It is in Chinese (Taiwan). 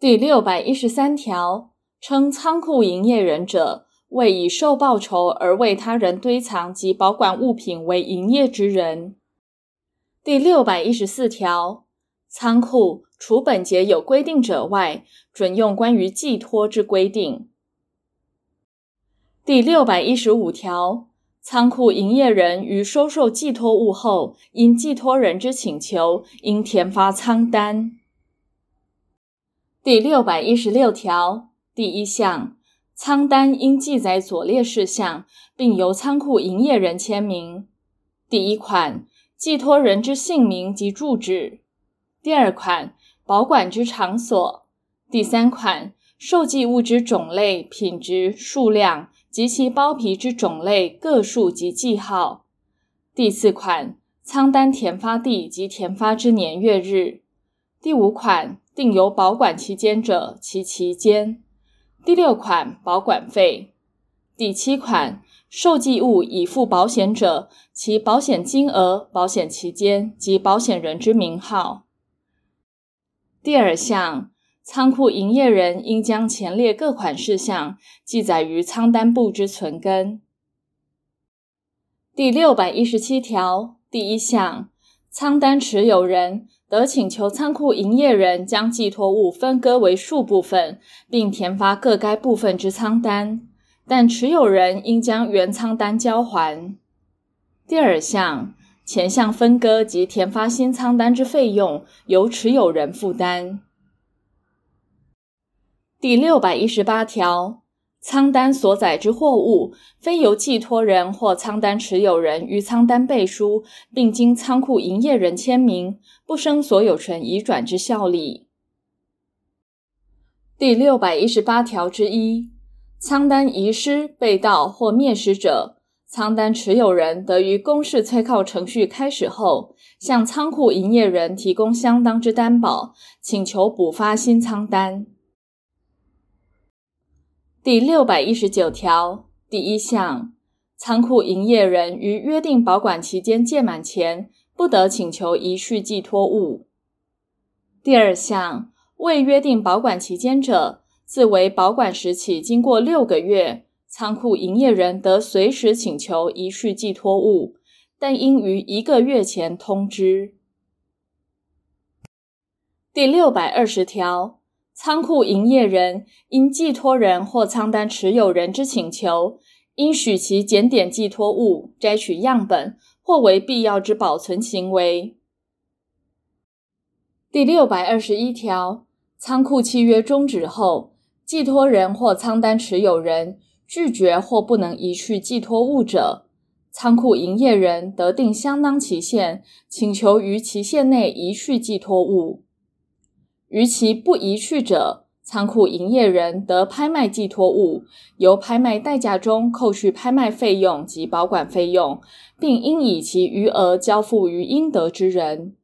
第六百一十三條，稱倉庫營業人者，為以受報酬而為他人堆藏及保管物品為營業之人。第六百一十四條，倉庫除本節有規定者外，準用關於寄託之規定。第六百一十五條，倉庫營業人於收受寄託物後，因寄託人之請求，應填發倉單。第六百一十六條第一項，倉單應記載左列事項，並由倉庫營業人簽名。第一款，寄託人之姓名及住址；第二款，保管之場所；第三款，受寄物之種類、品質、數量及其包皮之種類、個數及記號；第四款，倉單填發地及填發之年月日；第五款。定由保管期間者，其期間。第六款，保管費。第七款，受寄物已付保險者，其保險金額、保險期間及保險人之名號。第二項，倉庫營業人應將前列各款事項記載於倉單簿之存根。第六百一十七條第一項。倉單持有人得請求倉庫營業人將寄托物分割為數部分，並填發各該部分之倉單，但持有人應將原倉單交還。第二項，前項分割及填發新倉單之費用由持有人負擔。第六百一十八條。倉單所載之貨物，非由寄托人或倉單持有人於倉單背書，並經倉庫營業人簽名，不生所有權移轉之效力。第六百一十八條之一，倉單遺失、被盜或滅失者，倉單持有人得於公示催告程序開始後，向倉庫營業人提供相當之擔保，請求補發新倉單。第六百一十九條第一項，倉庫營業人於約定保管期間屆滿前，不得請求移去寄託物。第二項，未約定保管期間者，自為保管時起經過六個月，倉庫營業人得隨時請求移去寄託物，但應於一個月前通知。第六百二十條。倉庫營業人因寄託人或倉單持有人之請求，應許其檢點寄託物、摘取樣本或為必要之保存行為。第六百二十一條，倉庫契約終止後，寄託人或倉單持有人拒絕或不能移去寄託物者，倉庫營業人得定相當期限，請求於期限內移去寄託物。逾期不移去者，倉庫營業人得拍賣寄託物，由拍賣代價中扣去拍賣費用及保管費用，並應以其餘額交付於應得之人。